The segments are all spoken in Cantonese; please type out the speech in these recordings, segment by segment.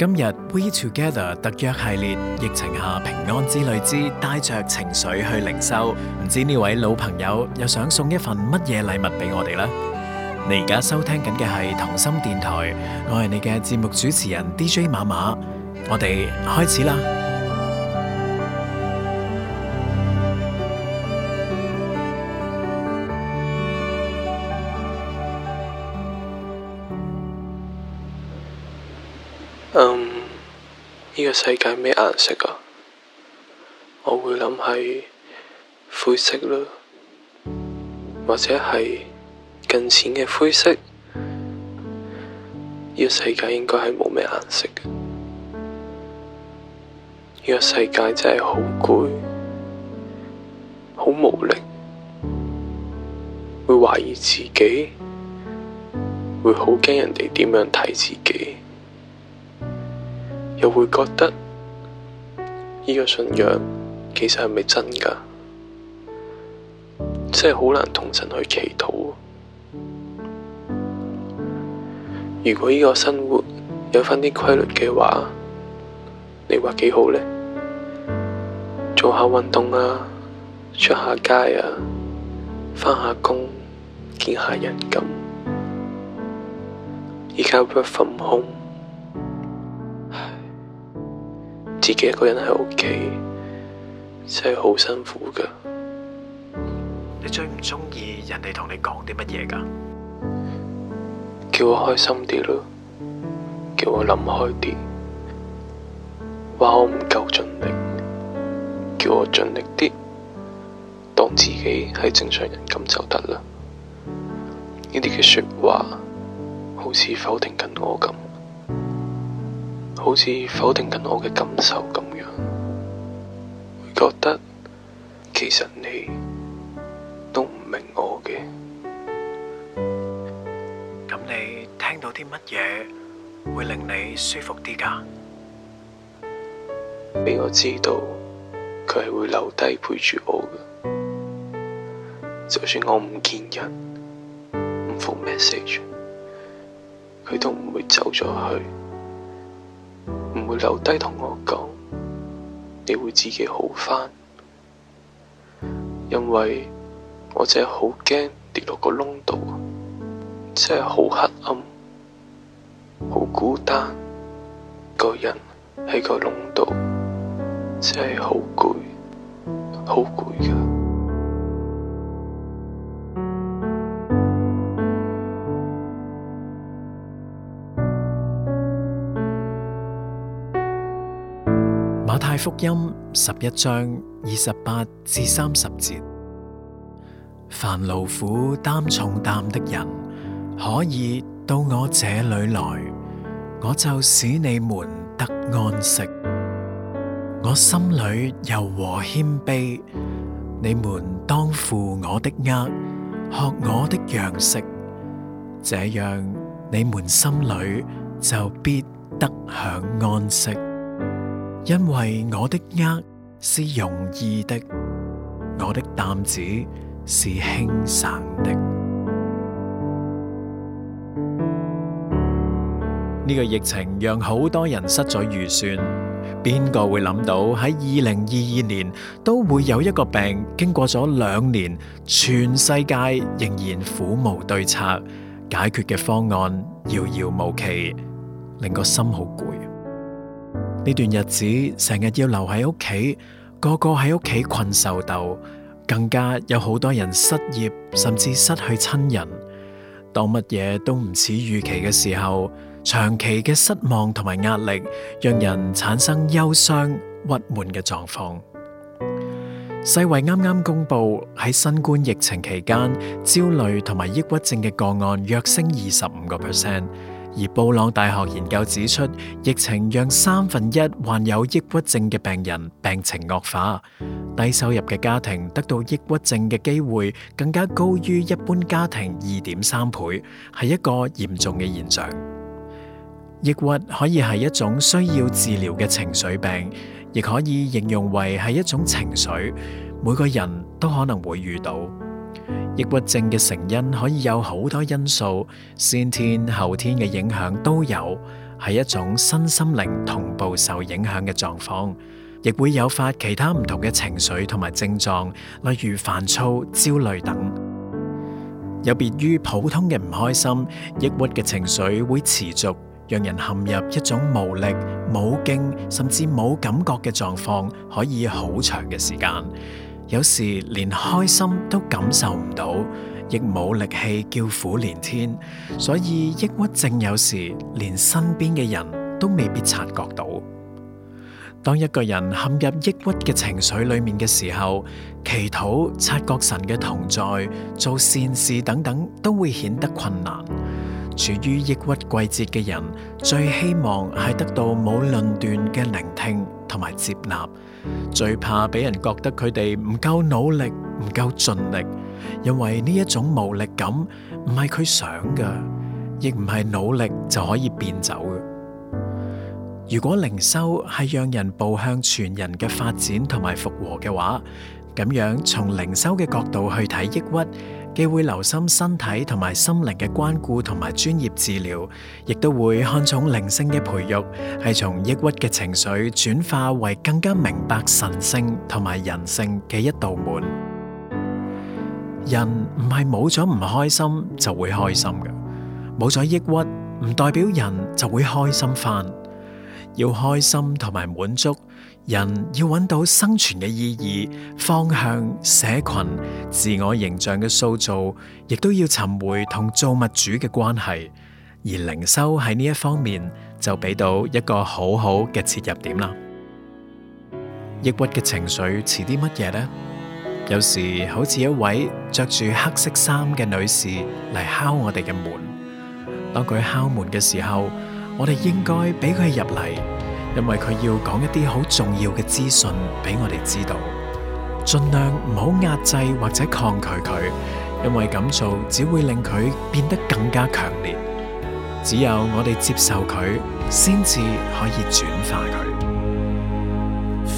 今日 We Together 特約系列，疫情下平安之旅之帶着情緒去靈修，唔知呢位老朋友又想送一份乜嘢禮物俾我哋呢？你而家收聽緊嘅係同心電台，我係你嘅節目主持人 DJ 馬馬，我哋開始啦。呢個世界咩顏色啊？我會諗係灰色囉，或者係更淺嘅灰色。呢個世界應該係冇咩顏色嘅。呢個世界真係好攰，好無力，會懷疑自己，會好驚人哋點樣睇自己。又會覺得呢個信仰其實係咪真噶？真係好難同神去祈禱啊。如果呢個生活有翻啲規律嘅話，你話幾好咧？做下運動啊，出下街啊，返下工見下人咁。而家 work from home。自己一個人喺屋企真係好辛苦噶。你最唔中意人哋同你講啲乜嘢噶？叫我開心啲咯，叫我諗開啲，話我唔夠盡力，叫我盡力啲，當自己係正常人咁就得啦。呢啲嘅說話好似否定緊我咁。好似否定緊我嘅感受咁樣，會覺得其實你都唔明我嘅。咁你聽到啲乜嘢會令你舒服啲噶？俾我知道佢係會留低陪住我嘅，就算我唔見人唔覆 message，佢都唔會走咗去。唔會留低同我講，你會自己好返，因為我真係好驚跌落個窿度，真係好黑暗，好孤單，個人喺個窿度，真係好攰，好攰㗎。福音十一章二十八至三十節：煩勞苦擔重擔的人，可以到我這裡來，我就使你們得安息。我心裡柔和謙卑，你們當負我的軛，學我的樣式，這樣你們心裡就必得享安息。因為我的軛是容易的，我的擔子是輕省的。呢個疫情讓好多人失咗預算，邊個會諗到喺二零二二年都會有一個病，經過咗兩年，全世界仍然苦無對策，解決嘅方案遙遙無期，令個心好攰。呢段日子成日要留喺屋企，個個喺屋企困獸鬥，更加有好多人失業，甚至失去親人。當乜嘢都唔似預期嘅時候，長期嘅失望同埋壓力，讓人產生憂傷、鬱悶嘅狀況。世衛啱啱公布，喺新冠疫情期間，焦慮同埋抑鬱症嘅個案約升二十五個 percent。而布朗大學研究指出，疫情讓三分一患有抑鬱症嘅病人病情惡化，低收入嘅家庭得到抑鬱症嘅機會更加高於一般家庭二點三倍，係一個嚴重嘅現象。抑鬱可以係一種需要治療嘅情緒病，亦可以形容為係一種情緒，每個人都可能會遇到。抑鬱症嘅成因可以有好多因素，先天後天嘅影響都有，係一種身心靈同步受影響嘅狀況，亦會誘發其他唔同嘅情緒同埋症狀，例如煩躁、焦慮等。有別於普通嘅唔開心，抑鬱嘅情緒會持續，讓人陷入一種無力、冇勁甚至冇感覺嘅狀況，可以好長嘅時間。有時連開心都感受唔到，亦冇力氣叫苦連天，所以抑鬱症有時連身邊嘅人都未必察覺到。當一個人陷入抑鬱嘅情緒裏面嘅時候，祈禱、察覺神嘅同在、做善事等等都會顯得困難。處於抑鬱季節嘅人最希望係得到冇論斷嘅聆聽同埋接納。最怕俾人覺得佢哋唔夠努力，唔夠盡力，因為呢一種無力感唔係佢想噶，亦唔係努力就可以變走嘅。如果靈修係讓人步向全人嘅發展同埋復和嘅話，咁樣從靈修嘅角度去睇抑鬱。既會留心身體同埋心靈嘅關顧同埋專業治療，亦都會看重靈性嘅培育，係從抑鬱嘅情緒轉化為更加明白神性同埋人性嘅一道門。人唔係冇咗唔開心就會開心嘅，冇咗抑鬱唔代表人就會開心翻。要開心同埋滿足。人要揾到生存嘅意義、方向、社群、自我形象嘅塑造，亦都要尋回同造物主嘅關係，而靈修喺呢一方面就俾到一個好好嘅切入點啦。 抑鬱嘅情緒似啲乜嘢呢？有時好似一位着住黑色衫嘅女士嚟敲我哋嘅門，當佢敲門嘅時候，我哋應該俾佢入嚟。因為佢要講一啲好重要嘅資訊俾我哋知道，盡量唔好壓制或者抗拒佢，因為咁做只會令佢變得更加強烈。只有我哋接受佢，先至可以轉化佢。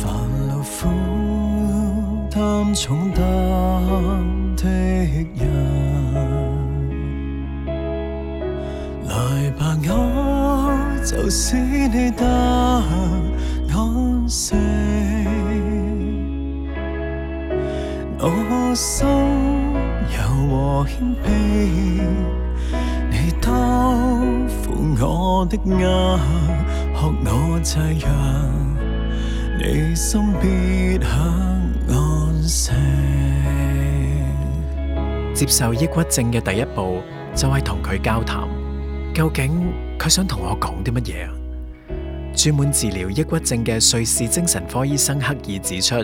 凡勞苦擔重擔的人，來吧就使你得安息我心柔和謙卑你當負我的軛學我這樣你心必享安息。接受抑鬱症嘅第一步就係同佢交談，究竟佢想同我講啲乜嘢啊？專門治療抑鬱症嘅瑞士精神科醫生刻意指出，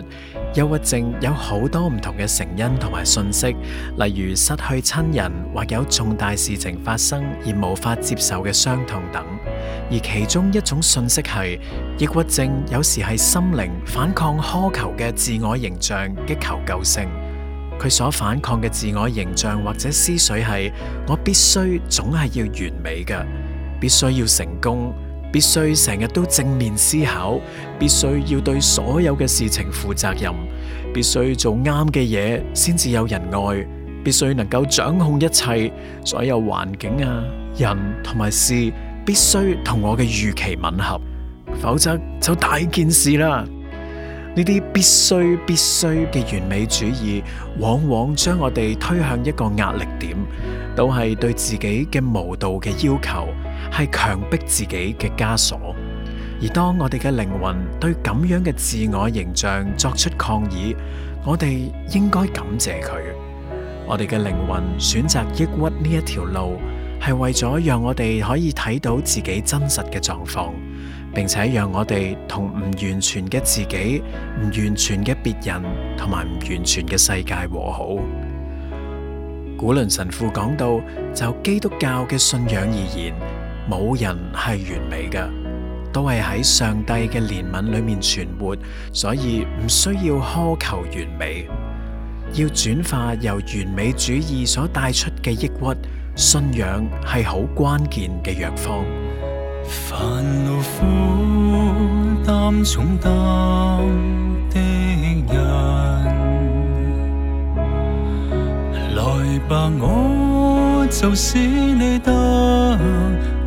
抑鬱症有好多唔同嘅成因同埋訊息，例如失去親人或有重大事情發生而無法接受嘅傷痛等。而其中一種訊息係，抑鬱症有時係心靈反抗苛求嘅自我形象嘅求救聲。佢所反抗嘅自我形象或者思緒係，我必須總係要完美嘅。必須要成功，必須成日都正面思考，必須要對所有嘅事情負責任，必須做啱嘅嘢先至有人愛，必須能夠掌控一切，所有環境啊、人同埋事，必須同我嘅預期吻合，否則就大件事啦。呢啲必須必須嘅完美主義，往往將我哋推向一個壓力點，都係對自己嘅無度嘅要求。係強迫自己嘅枷鎖，而當我哋嘅靈魂對咁樣嘅自我形象作出抗議，我哋應該感謝佢。我哋嘅靈魂選擇抑鬱呢一條路，係為咗讓我哋可以睇到自己真實嘅狀況，並且讓我哋同唔完全嘅自己，唔完全嘅別人同埋唔完全嘅世界和好。古倫神父講到，就基督教嘅信仰而言，冇人係完美嘅，都係喺上帝嘅憐憫裏面存活，所以唔需要苛求完美。要轉化由完美主義所帶出嘅抑鬱，信仰係好關鍵嘅藥方。凡勞苦擔重擔的人，來吧，我就使你得。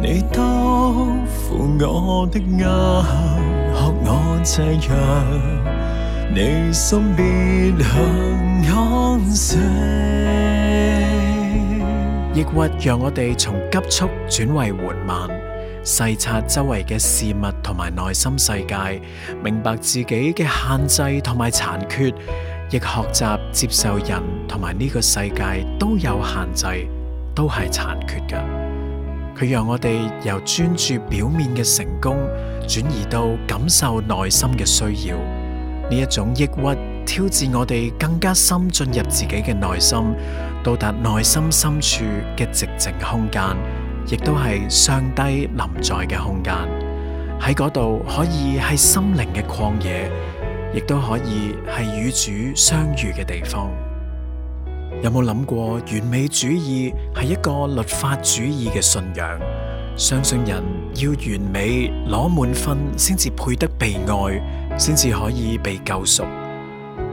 你當負我的軛，學我這樣，你心必享安息。抑鬱讓我哋從急速轉為緩慢，細察周圍嘅事物同埋內心世界，明白自己嘅限制同埋殘缺，亦學習接受人同埋呢個世界都有限制。都係殘缺嘅，佢讓我哋由專注表面嘅成功，轉移到感受內心嘅需要。呢一種抑鬱，挑戰我哋更加深進入自己嘅內心，到達內心深處嘅寂靜空間，亦都係上帝臨在嘅空間。喺嗰度可以係心靈嘅曠野，亦都可以係與主相遇嘅地方。有冇諗過完美主義係一個律法主義嘅信仰？相信人要完美攞滿分先至配得被愛，先至可以被救贖。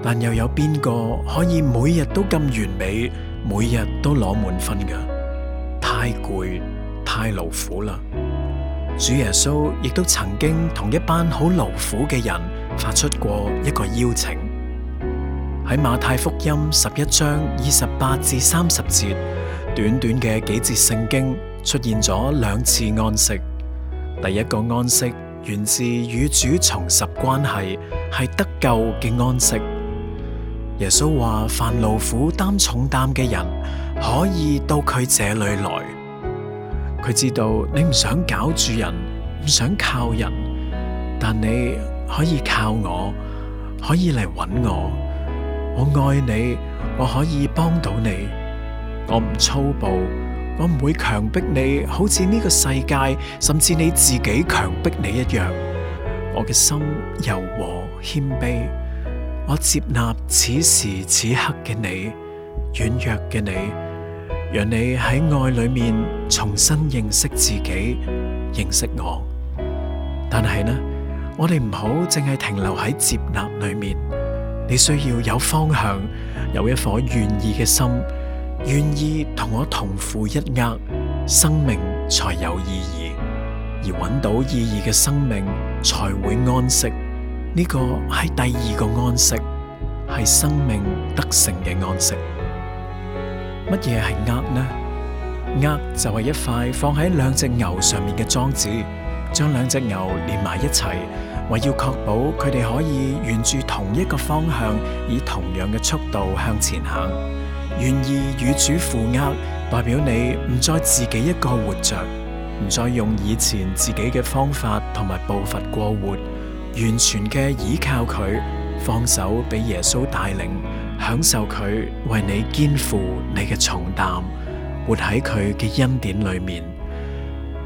但又有邊個可以每日都咁完美，每日都攞滿分㗎？太攰，太勞苦啦！主耶穌亦都曾經同一班好勞苦嘅人發出過一個邀請。喺馬太福音十一章二十八至三十節，短短嘅幾節聖經出現咗兩次安息。第一個安息源自與主重拾關係，係得救嘅安息。耶穌話：「凡勞苦擔重擔嘅人，可以到佢這裡來。佢知道你唔想搞住人，唔想靠人，但你可以靠我，可以嚟揾我。我愛你，我可以幫到你。我唔粗暴，我唔會強迫你，好似呢個世界，甚至你自己強迫你一樣。我嘅心柔和謙卑，我接納此時此刻嘅你，軟弱嘅你，讓你喺愛裡面重新認識自己，認識我。但係呢，我哋唔好淨係停留喺接納裡面。你需要有方向，有一顆願意嘅心，願意同我同苦一厄，生命才有意義。而揾到意義嘅生命，才會安息。呢、這個係第二個安息，係生命得勝嘅安息。乜嘢係厄呢？厄就係一塊放喺兩隻牛上面嘅裝置，將兩隻牛連埋一齊。為要確保佢哋可以沿住同一個方向，以同樣嘅速度向前行，願意與主負軛，代表你唔再自己一個活着，唔再用以前自己嘅方法同埋步伐過活，完全嘅依靠佢，放手俾耶穌帶領，享受佢為你肩負你嘅重擔，活喺佢嘅恩典裏面。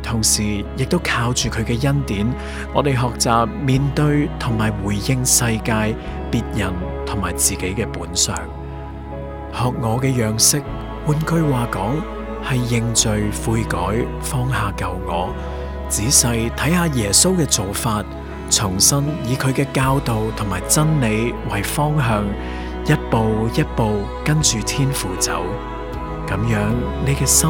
同時，亦都靠住佢嘅恩典，我哋學習面對同埋回應世界、別人同埋自己嘅本相，學我嘅樣式。換句話講，係認罪悔改，放下舊我，仔細睇下耶穌嘅做法，重新以佢嘅教導同埋真理為方向，一步一步跟住天父走。咁樣，你嘅心。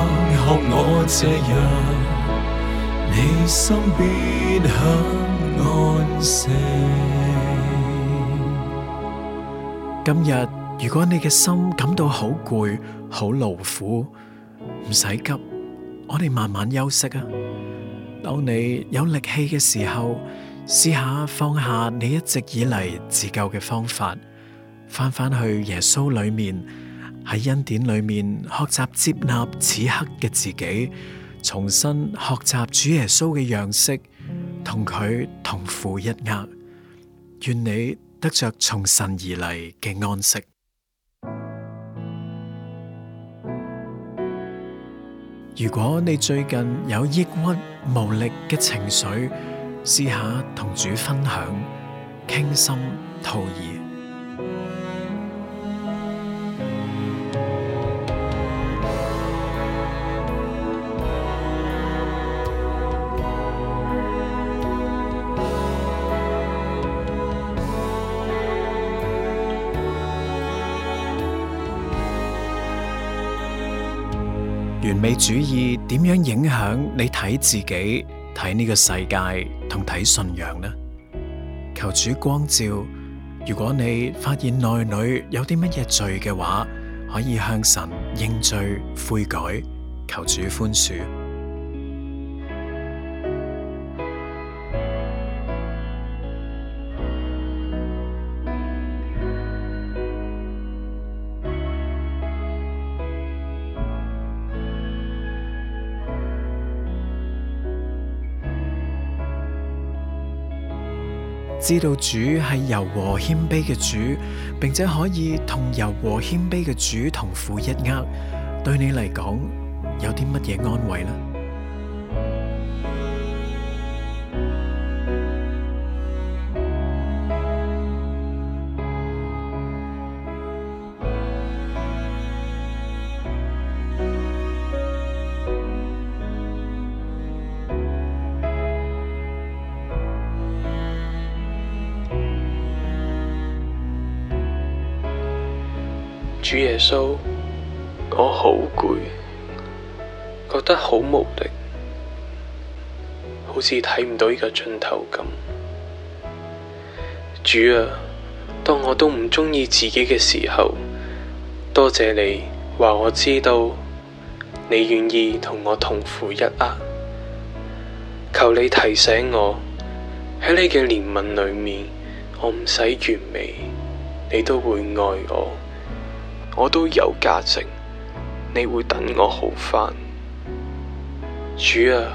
我這樣，你心必享安息。今日，如果你嘅心感到好攰、好勞苦，唔使急，我哋慢慢休息啊。當你有力氣嘅時候，試下放下你一直以嚟自救嘅方法，翻返去耶穌裏面。喺恩典裏面學習接納此刻嘅自己，重新學習主耶穌嘅樣式，同佢同負一軛。願你得着從神而嚟嘅安息。如果你最近有抑鬱無力嘅情緒，試下同主分享，傾心吐意。主義點樣影響你睇自己、睇呢個世界同睇信仰呢？求主光照。如果你發現內裏有啲乜嘢罪嘅話，可以向神認罪悔改，求主寬恕。知道主係柔和謙卑嘅主，並且可以同柔和謙卑嘅主同負一軛，對你嚟講有啲乜嘢安慰呢？主耶穌，我好攰，覺得好無力，好似睇唔到呢個盡頭咁。主啊，當我都唔鍾意自己嘅時候，多謝你話我知道，你願意同我同負一軛。求你提醒我喺你嘅憐憫裏面，我唔使完美，你都會愛我。我都有價值，你會等我好翻。主啊，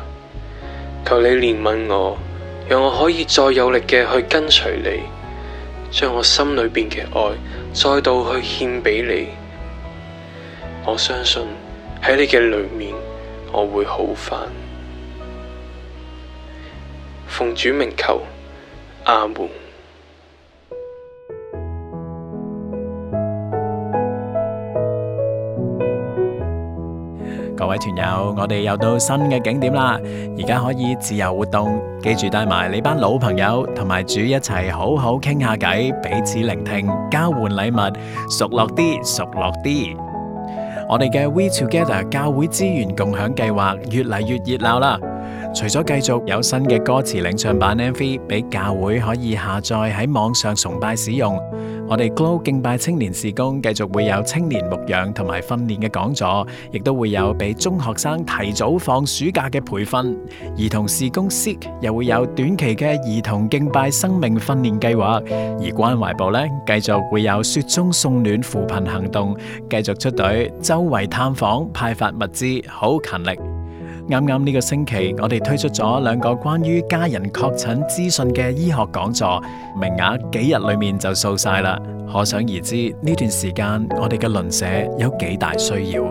求你憐憫我，讓我可以再有力嘅去跟隨你，將我心裏邊嘅愛再度去獻畀你。我相信喺你嘅裏面，我會好翻。奉主名求，阿門。各位團友，我哋又到新嘅景點啦，而家可以自由活動，記住帶埋你班老朋友同埋主一齊，好好傾下偈，彼此聆聽，交換禮物，熟絡啲，熟絡啲。我哋嘅 We Together 教會資源共享計劃越嚟越熱鬧啦。除咗繼續有新嘅歌詞領唱版 MV 俾教會可以下載喺網上崇拜使用。我哋 Glow 敬拜青年事工繼續會有青年牧養同埋訓練嘅講座，亦都會有俾中學生提早放暑假嘅培訓。兒童事工 Seek 又會有短期嘅兒童敬拜生命訓練計劃。而關懷部咧繼續會有雪中送暖扶貧行動，繼續出隊周圍探訪派發物資，好勤力。啱啱呢個星期，我哋推出咗兩個關於家人確診資訊嘅醫學講座，名額幾日裏面就掃晒啦。可想而知呢段時間我哋嘅鄰舍有幾大需要。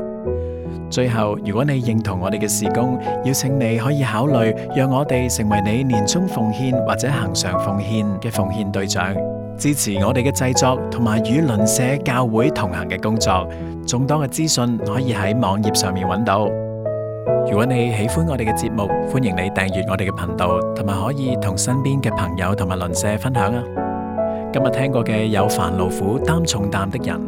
最後，如果你認同我哋嘅事工，邀請你可以考慮讓我哋成為你年終奉獻或者恆常奉獻嘅奉獻對象，支持我哋嘅製作同埋與鄰舍教會同行嘅工作。眾多嘅資訊可以喺網頁上面揾到。如果你喜歡我哋嘅節目，歡迎你訂閱我哋嘅頻道，同埋可以同身邊嘅朋友同埋鄰舍分享啊！今日聽過嘅有凡勞苦擔重擔的人，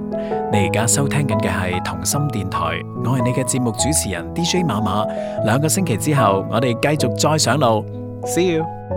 你而家收聽緊嘅係同心電台，我係你嘅節目主持人 DJ 馬馬。兩個星期之後，我哋繼續再上路，See you。